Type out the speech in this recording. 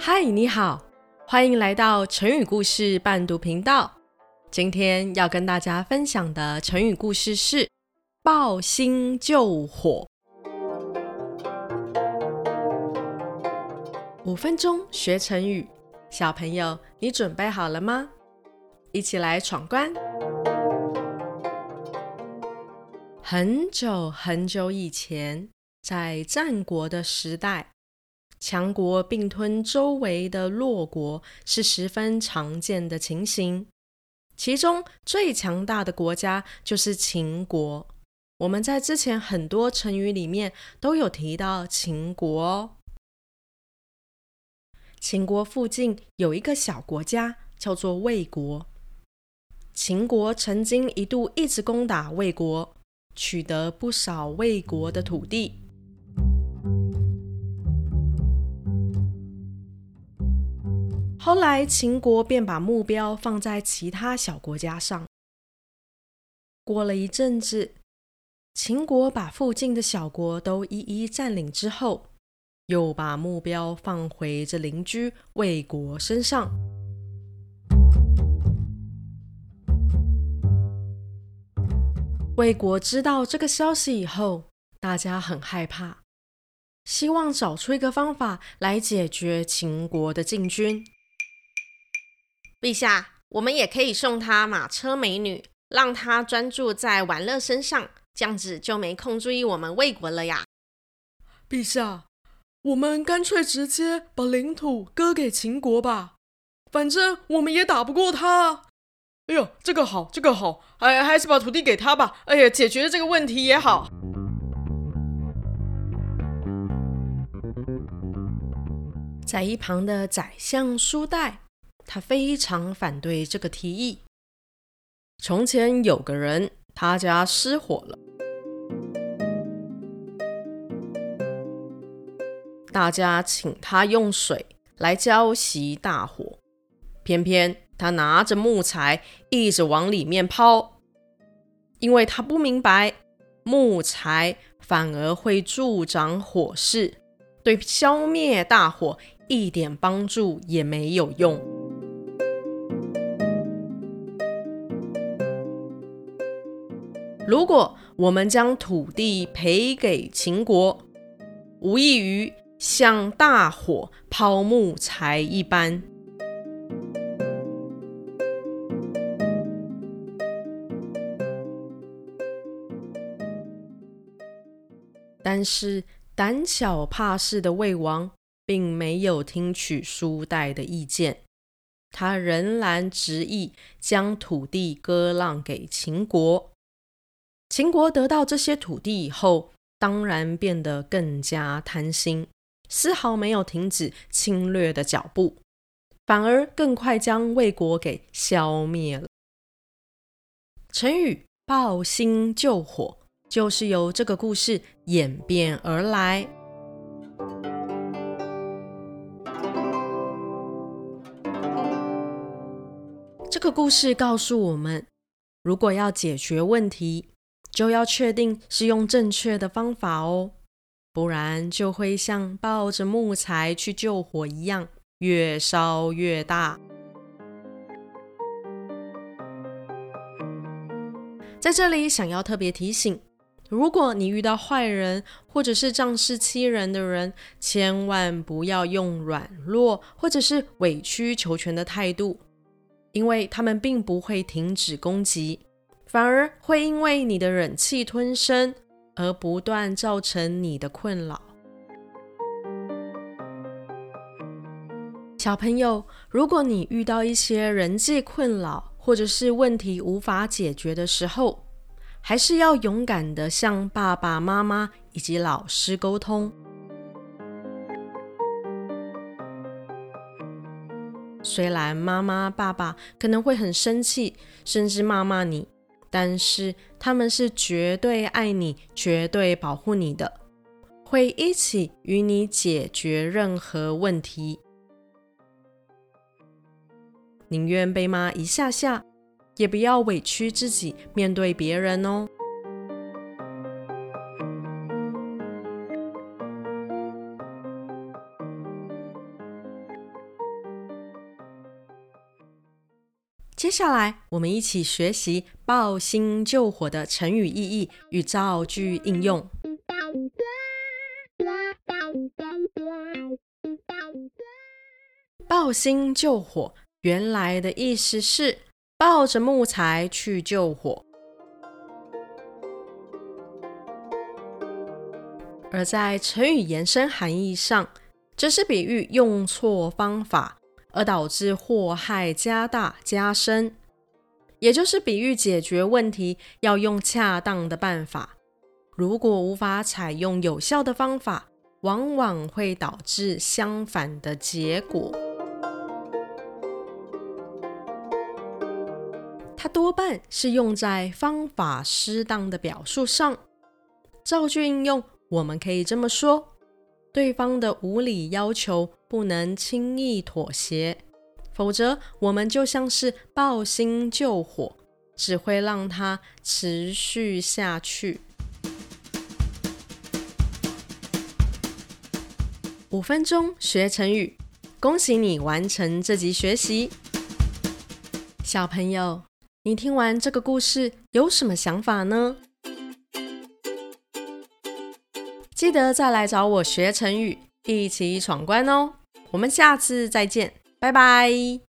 嗨，你好，歡迎來到成語故事伴讀頻道。今天要跟大家分享的成語故事是“抱薪救火”。五分鐘學成語，小朋友，你準備好了嗎？一起來闖關。很久很久以前，在戰國的時代。強國併吞周圍的弱國是十分常見的情形，其中最強大的國家就是秦國。我們在之前很多成語裡面都有提到秦國哦。秦國附近有一個小國家叫做魏國，秦國曾經一度一直攻打魏國，取得不少魏國的土地。後來，秦國便把目標放在其他小國家上。過了一陣子，秦國把附近的小國都一一佔領之後，又把目標放回這鄰居魏國身上。魏國知道這個消息以後，大家很害怕，希望找出一個方法來解決秦國的進軍。陛下，我們也可以送他馬車美女，讓他專注在玩樂身上，這樣子就沒空注意我們魏國了呀。陛下，我們乾脆直接把領土割給秦國吧，反正我們也打不過他。哎呦，這個好，這個好，哎，還是把土地給他吧。哎呀，解決了這個問題也好。在一旁的宰相蘇代，他非常反對這個提議。從前有個人，他家失火了，大家請他用水來澆熄大火，偏偏他拿着木材一直往裡面拋，因為他不明白，木材反而會助長火勢，對消滅大火一點幫助也沒有用。如果我們將土地賠給秦國，無異於向大火拋木材一般。但是膽小怕事的魏王並沒有聽取蘇代的意見，他仍然執意將土地割讓給秦國。秦國得到這些土地以後，當然變得更加貪心，絲毫沒有停止侵略的腳步，反而更快將魏國給消滅了。成語“抱薪救火”就是由這個故事演變而來。這個故事告訴我們，如果要解決問題，就要確定是用正確的方法哦，不然就會像抱着木柴去救火一樣，越燒越大。在這裡，想要特別提醒，如果你遇到壞人或者是仗勢欺人的人，千萬不要用軟弱或者是委曲求全的態度，因為他們並不會停止攻擊。反而會因為你的忍氣吞聲而不斷造成你的困擾。小朋友，如果你遇到一些人際困擾，或者是問題無法解決的時候，還是要勇敢的向爸爸媽媽以及老師溝通。雖然媽媽、爸爸可能會很生氣，甚至罵罵你。但是他們是絕對愛你、絕對保護你的，會一起與你解決任何問題，寧願被罵一下下，也不要委屈自己面對別人哦。接下來，我們一起學習“抱薪救火”的成語意義與造句應用。“抱薪救火”原來的意思是抱着木材去救火，而在成語延伸含義上，這是比喻用錯方法。而導致禍害加大加深，也就是比喻解決問題要用恰當的辦法。如果無法採用有效的方法，往往會導致相反的結果。它多半是用在方法適當的表述上。造句應用“我們可以這麼說”，對方的無理要求。不能輕易妥協，否則我們就像是抱薪救火，只會讓它持續下去。五分鐘學成語，恭喜你完成這集學習。小朋友，你聽完這個故事有什麼想法呢？記得再來找我學成語，一起闖關哦！我們下次再見，拜拜。